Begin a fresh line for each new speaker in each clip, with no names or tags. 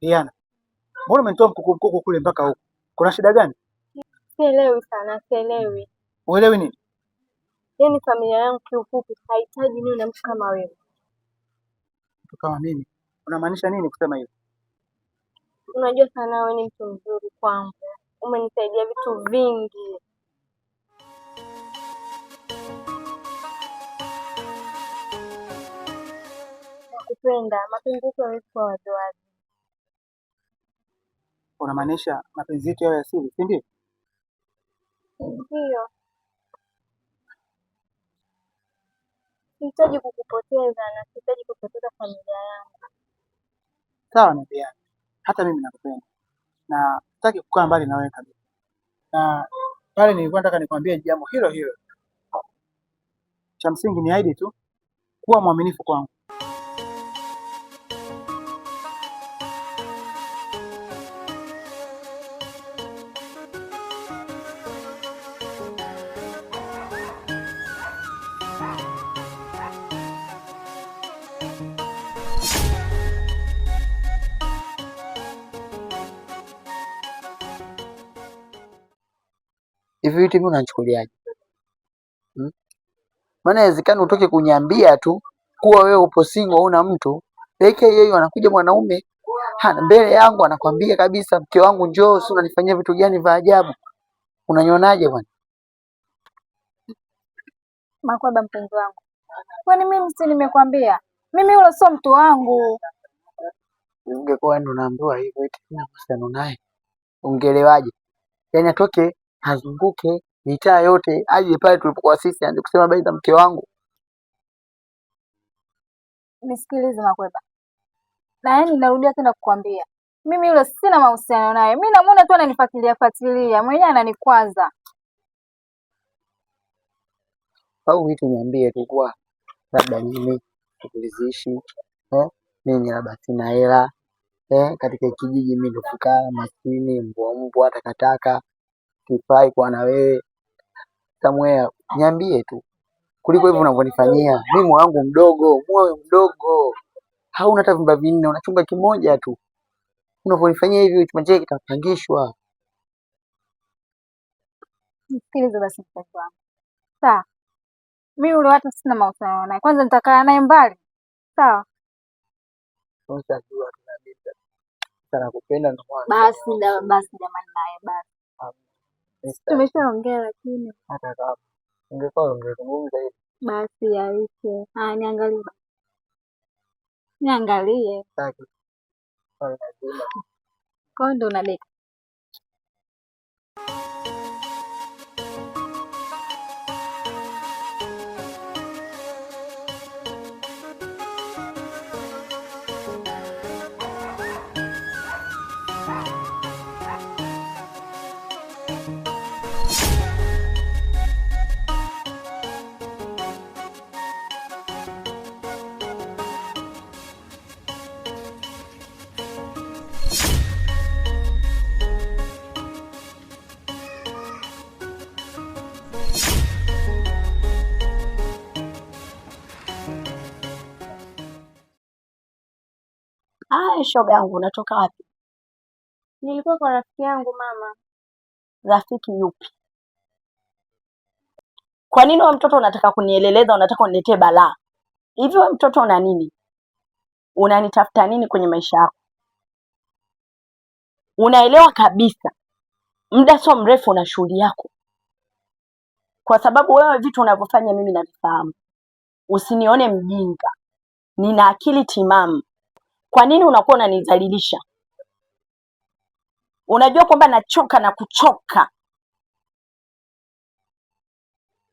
Diana, mbona umenitoa mkukumkuku kule mpaka huku? Kuna shida gani?
Sielewi sana, sielewi. Uelewi nini? Yaani familia yangu kiufupi hahitaji niwe na mtu kama wewe.
Mtu kama mimi? Unamaanisha nini kusema hivyo?
Unajua sana wewe ni mtu mzuri kwangu, umenisaidia vitu vingi. Nakupenda, mapenzi yetu hayawezi kuwa waziwazi
unamaanisha mapenzi yetu yao ya siri, si ndio?
Ndio, sihitaji kukupoteza na sihitaji kupoteza familia yangu.
Sawa na hata mimi nakupenda na sitaki kukaa mbali na wewe kabisa, na pale nilikuwa nataka nikwambie jambo hilo hilo. Cha msingi ni ahidi tu kuwa mwaminifu kwangu. Hivi vitu hivi unachukuliaje? Hmm? Maana inawezekana utoke kuniambia tu kuwa wewe upo single una mtu, peke yeye anakuja mwanaume hana mbele yangu anakwambia kabisa, mke wangu njoo, si unanifanyia vitu gani vya ajabu? Unanionaje bwana?
Makweba mpenzi wangu, kwani mimi si nimekwambia mimi ule sio mtu wangu?
Ungekuwa ni unaambiwa hivyo eti kuna msano naye, ungelewaje? Yaani atoke azunguke mitaa yote aje pale tulipokuwa sisi, aanze kusema habari za mke wangu.
Nisikilize Makweba, na yani narudia tena kukwambia mimi yule sina mahusiano naye. Mimi namuona tu ananifuatilia fuatilia, mwenyewe ananikwaza
au hitu Niambie tu kwa labda nini tuliziishi eh, mimi labda sina hela eh, katika kijiji mimi ndo maskini, mbwa mbwa, takataka, kifai kwa na wewe Samuel, niambie tu kuliko hivyo unavyonifanyia mimi. Moyo wangu mdogo, moyo mdogo, hauna hata vyumba vinne, una chumba kimoja tu. Unavyonifanyia hivyo chumba chake kitapangishwa.
Nisikilize basi mtoto wangu, sawa? mi ule hata sina mahusiano naye, kwanza nitakaa naye mbali. Sawa basi, basi jamani, naye basi tumeshaongea, lakini basi yaishe. Ah, niangalie niangalie kwao, ndo unadeka aya shoga yangu, unatoka wapi? Nilikuwa kwa rafiki yangu mama. Rafiki yupi? Kwa nini wewe mtoto unataka kunieleleza? Unataka uniletee balaa hivi? Wewe mtoto una nini? Unanitafuta nini kwenye maisha yako? Unaelewa kabisa muda sio mrefu una shughuli yako, kwa sababu wewe vitu unavyofanya mimi navifahamu. Usinione mjinga, nina akili timamu kwa nini unakuwa unanidhalilisha? Unajua kwamba nachoka na kuchoka,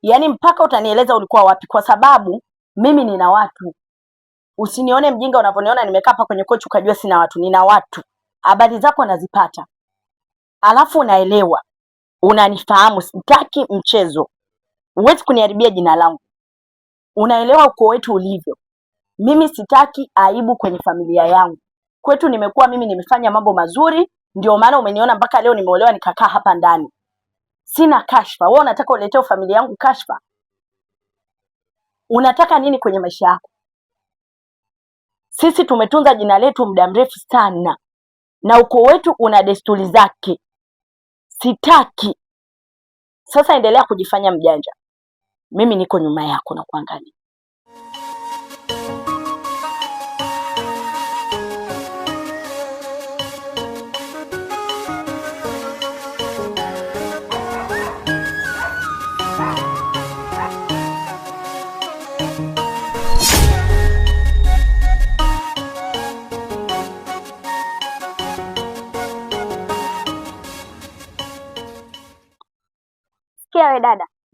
yaani mpaka utanieleza ulikuwa wapi, kwa sababu mimi nina watu. Usinione mjinga unavyoniona nimekaa hapa kwenye kochi ukajua sina watu. Nina watu, habari zako nazipata, alafu unaelewa, unanifahamu. Sitaki mchezo, huwezi kuniharibia jina langu. Unaelewa ukoo wetu ulivyo. Mimi sitaki aibu kwenye familia yangu. Kwetu nimekuwa mimi nimefanya mambo mazuri, ndio maana umeniona mpaka leo nimeolewa nikakaa hapa ndani. Sina kashfa. Wewe unataka uletee familia yangu kashfa? Unataka nini kwenye maisha yako? Sisi tumetunza jina letu muda mrefu sana, na uko wetu una desturi zake. Sitaki sasa, endelea kujifanya mjanja. Mimi niko nyuma yako na kuangalia.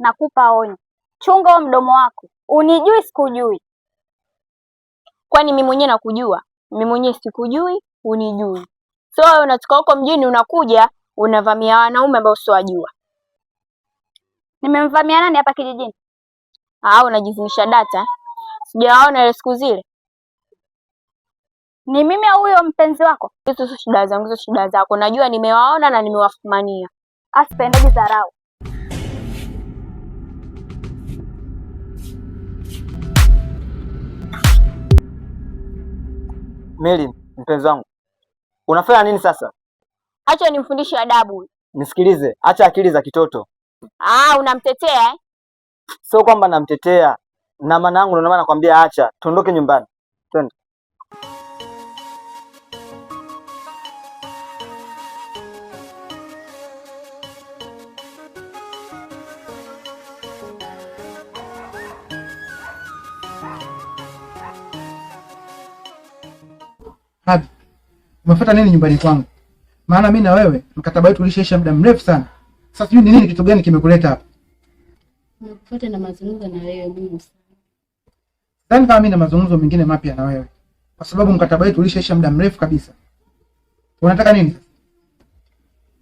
nakupa onyo, chunga mdomo wako. Unijui sikujui? Kwani mimi mwenyewe nakujua? Mimi mwenyewe sikujui, unijui. So wewe unatoka huko mjini unakuja unavamia wanaume ambao usiwajua. Nimemvamia nani hapa kijijini? Ah, unajizimisha data. Sijawaona ile siku zile. Ni mimi au huyo mpenzi wako? Hizo sio shida zangu, hizo shida zako. Najua nimewaona na nimewafumania. Asipendaji dharau.
Meli, mpenzi wangu, unafanya nini sasa?
Acha nimfundishe adabu.
Nisikilize, acha akili za kitoto.
Ah, unamtetea eh?
Sio kwamba namtetea, na maana yangu ndio maana nakwambia acha, tuondoke nyumbani, twende. umefuata nini nyumbani kwangu? Maana mimi na wewe mkataba wetu ulishaisha muda mrefu sana. Sasa sijui ni nini, kitu gani kimekuleta hapa?
Nimekufuata na mazungumzo na wewe muhimu sana.
Sasa kama mimi na mazungumzo mengine mapya na wewe, kwa sababu mkataba wetu ulishaisha muda mrefu kabisa. Unataka nini sasa?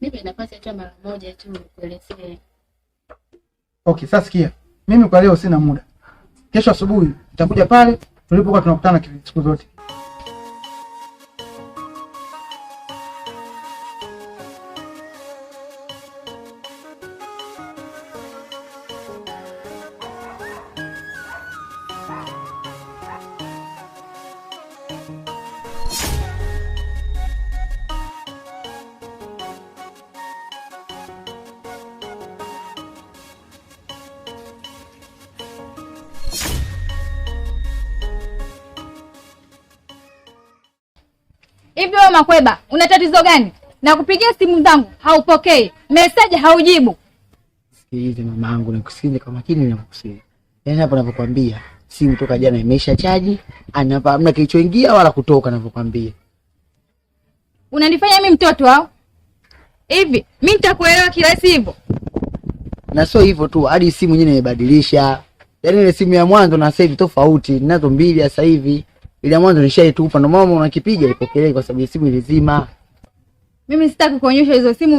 Mimi nafasi hata mara moja tu nikuelezee.
Okay, sasa sikia. Mimi kwa leo sina muda. Kesho asubuhi nitakuja pale tulipokuwa tunakutana siku zote.
wewe Makweba, una tatizo gani? Nakupigia simu zangu haupokei, meseji haujibu.
Sikilize mamangu, nakusikiliza kwa makini, nakusikiliza. Yaani hapo navyokwambia, simu toka jana imeisha chaji, anapa hamna kilichoingia wala kutoka, navyokwambia.
Unanifanya mimi mtoto au hivi? Mimi nitakuelewa kirahisi hivyo?
Na sio hivyo tu, hadi simu nyingine nimebadilisha. Yaani ile simu ya mwanzo na sasa hivi tofauti, ninazo mbili sasa hivi. Ile mwanzo nishaitupa, ndio mama unakipiga ipokelee, kwa sababu simu ilizima.
Mimi sitaki kuonyesha hizo simu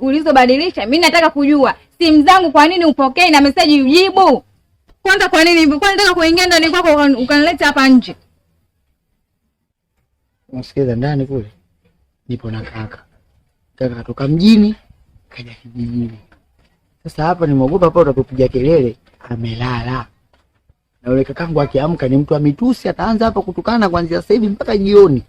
ulizobadilisha. Mimi nataka kujua simu zangu kwa nini upokei na meseji ujibu. Kwanza kwa nini hivyo? Kwanza nataka kuingia ndani kwako ukanileta hapa nje.
Unasikiliza ndani kule? Nipo na kaka. Kaka katoka mjini kaja kijijini. Sasa hapa nimeogopa hapa utakupiga kelele amelala na yule kakangu akiamka ni mtu wa mitusi, ataanza hapa kutukana kuanzia sasa hivi mpaka jioni,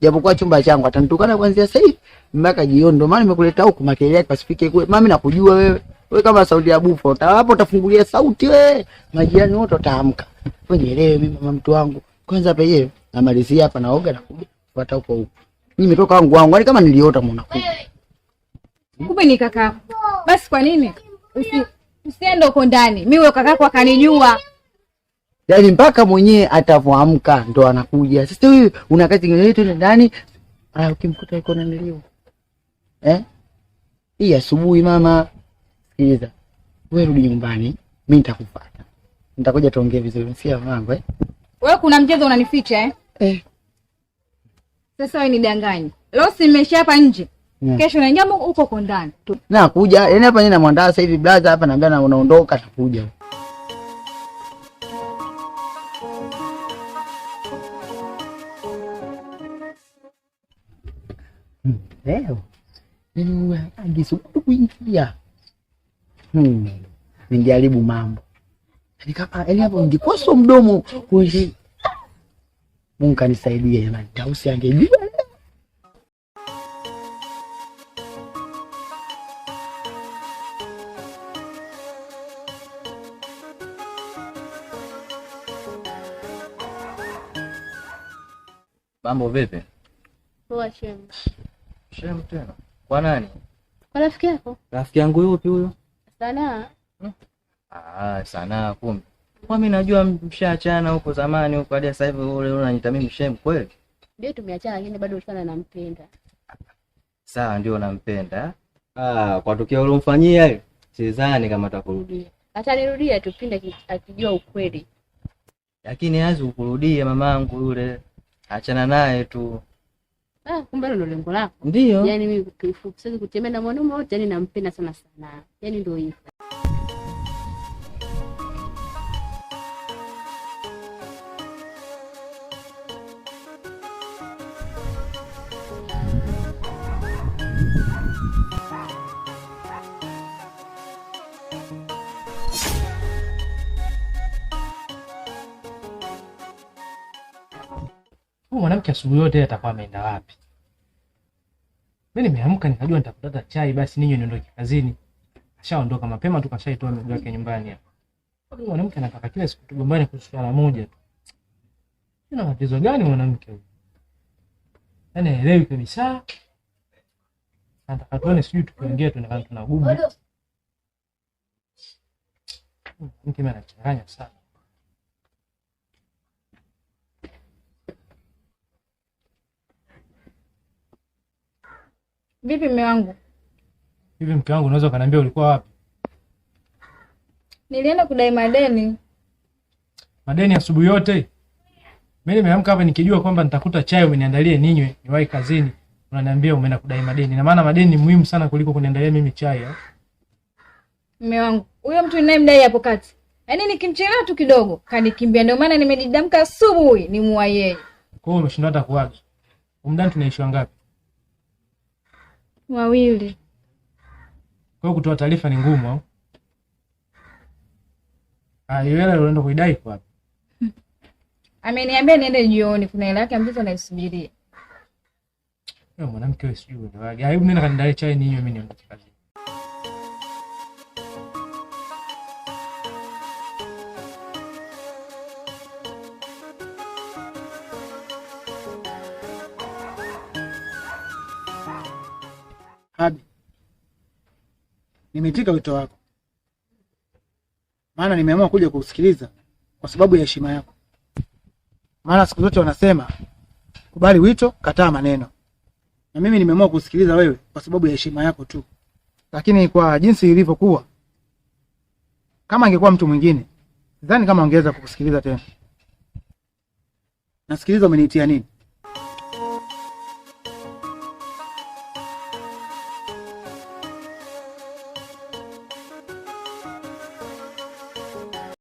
japokuwa chumba changu atanitukana kuanzia sasa hivi mpaka jioni. Ndio maana nimekuleta huku, makelele yake pasifike kule. Mami, nakujua wewe, wewe kama sauti ya bufo hapo, utafungulia sauti wewe, majirani wote wataamka. Unielewe mimi, mama mtu wangu, kwanza hapa yeye namalizia hapa, naoga na kuja kupata huko huko. Mimi nimetoka wangu wangu, yani kama niliota mwana mwanakuku,
kumbe ni kaka. Basi kwa nini usiende huko ndani? Mimi huyo kakako akanijua
yani mpaka mwenyewe atavoamka ndo anakuja. Sasa huyu una kazi nyingine tu ndani, ah, ukimkuta yuko na nilio. Eh? Hii asubuhi mama, sikiliza. Wewe rudi nyumbani, mimi nitakufuata. Nitakuja tuongee vizuri, sio mwanangu eh?
Wewe kuna mchezo unanificha eh? Eh. Sasa wewe ni nidanganyi. losi, simesha hapa nje. Yeah. Kesho naingia huko huko ndani.
Na kuja, yani hapa nina mwandaa sasa hivi blaza hapa naambia na unaondoka nakuja. leo yaani kuingia hmm. Ningeharibu mambo yani, kama ah, yani hapo ningekuwa so mdomo kuishi. Mungu kanisaidie jamani, Tausi angejua mambo vipi. Shemu tena kwa nani?
Kwa rafiki yako.
Rafiki yangu yupi huyo?
Sana. Hmm.
Ah, sana kumbe. Kwa mimi najua mshaachana huko zamani huko hadi sasa hivi wewe unaniita mimi shemu kweli?
Ndio tumeachana lakini bado sana nampenda.
Sawa ndio nampenda. Ah, kwa tukio ulomfanyia hiyo. Sidhani kama atakurudia.
Atanirudia tu pindi akijua ukweli.
Lakini hazi ukurudia mamangu yule. Achana naye tu.
Ah, kumbe ndo lengo lako. Ndio. Yaani mimi kifupi, siwezi kutembea na mwanaume wote, yani nampenda sana sana. Yaani ndio hivyo.
huyu mwanamke asubuhi yote atakuwa ameenda wapi? Mimi nimeamka nikajua nitakutata chai, basi ninyi niondoke kazini. Ashaondoka mapema tu, kashaitoa miguu yake nyumbani hapo. Huyu mwanamke anataka kila siku tugombane kuhusu swala moja tu. Una matatizo gani mwanamke huyu? Yaani haelewi kabisa. Nataka tuone, sijui tukiongea tu, tuonekana tuna gumu. Mke anachanganya sana.
Vipi mme wangu?
Vipi mke wangu, unaweza ukaniambia ulikuwa wapi?
Nilienda kudai madeni.
Madeni asubuhi yote? Mimi nimeamka hapa nikijua kwamba nitakuta chai umeniandalia ninywe, niwahi kazini, unaniambia umeenda kudai madeni. Na maana madeni ni muhimu sana kuliko kuniandalia mimi chai. Eh?
Mme wangu, huyo mtu ninayemdai hapo kati, yaani nikimchelewa tu kidogo kanikimbia, ndio maana nimejidamka asubuhi nimuwahi yeye. Kwa
hiyo umeshindwa hata kuaga. Umdani tunaishi wangapi?
Wawili.
Kwa hiyo kutoa taarifa ni ngumu au? Ah, hiyo hela unaenda kuidai kwa wapi?
Ameniambia niende jioni, kuna hela yake ambazo naisubiria.
Mwanamke wewe, sijui unawaje. Aibu nenda kanidai chai ninywe mimi niondoke. nimeitika wito wako, maana nimeamua kuja kusikiliza kwa sababu ya heshima yako. Maana siku zote wanasema kubali wito, kataa maneno, na mimi nimeamua kusikiliza wewe kwa sababu ya heshima yako tu. Lakini kwa jinsi ilivyokuwa, kama angekuwa mtu mwingine, sidhani kama angeweza kukusikiliza tena. Nasikiliza umenitia nini?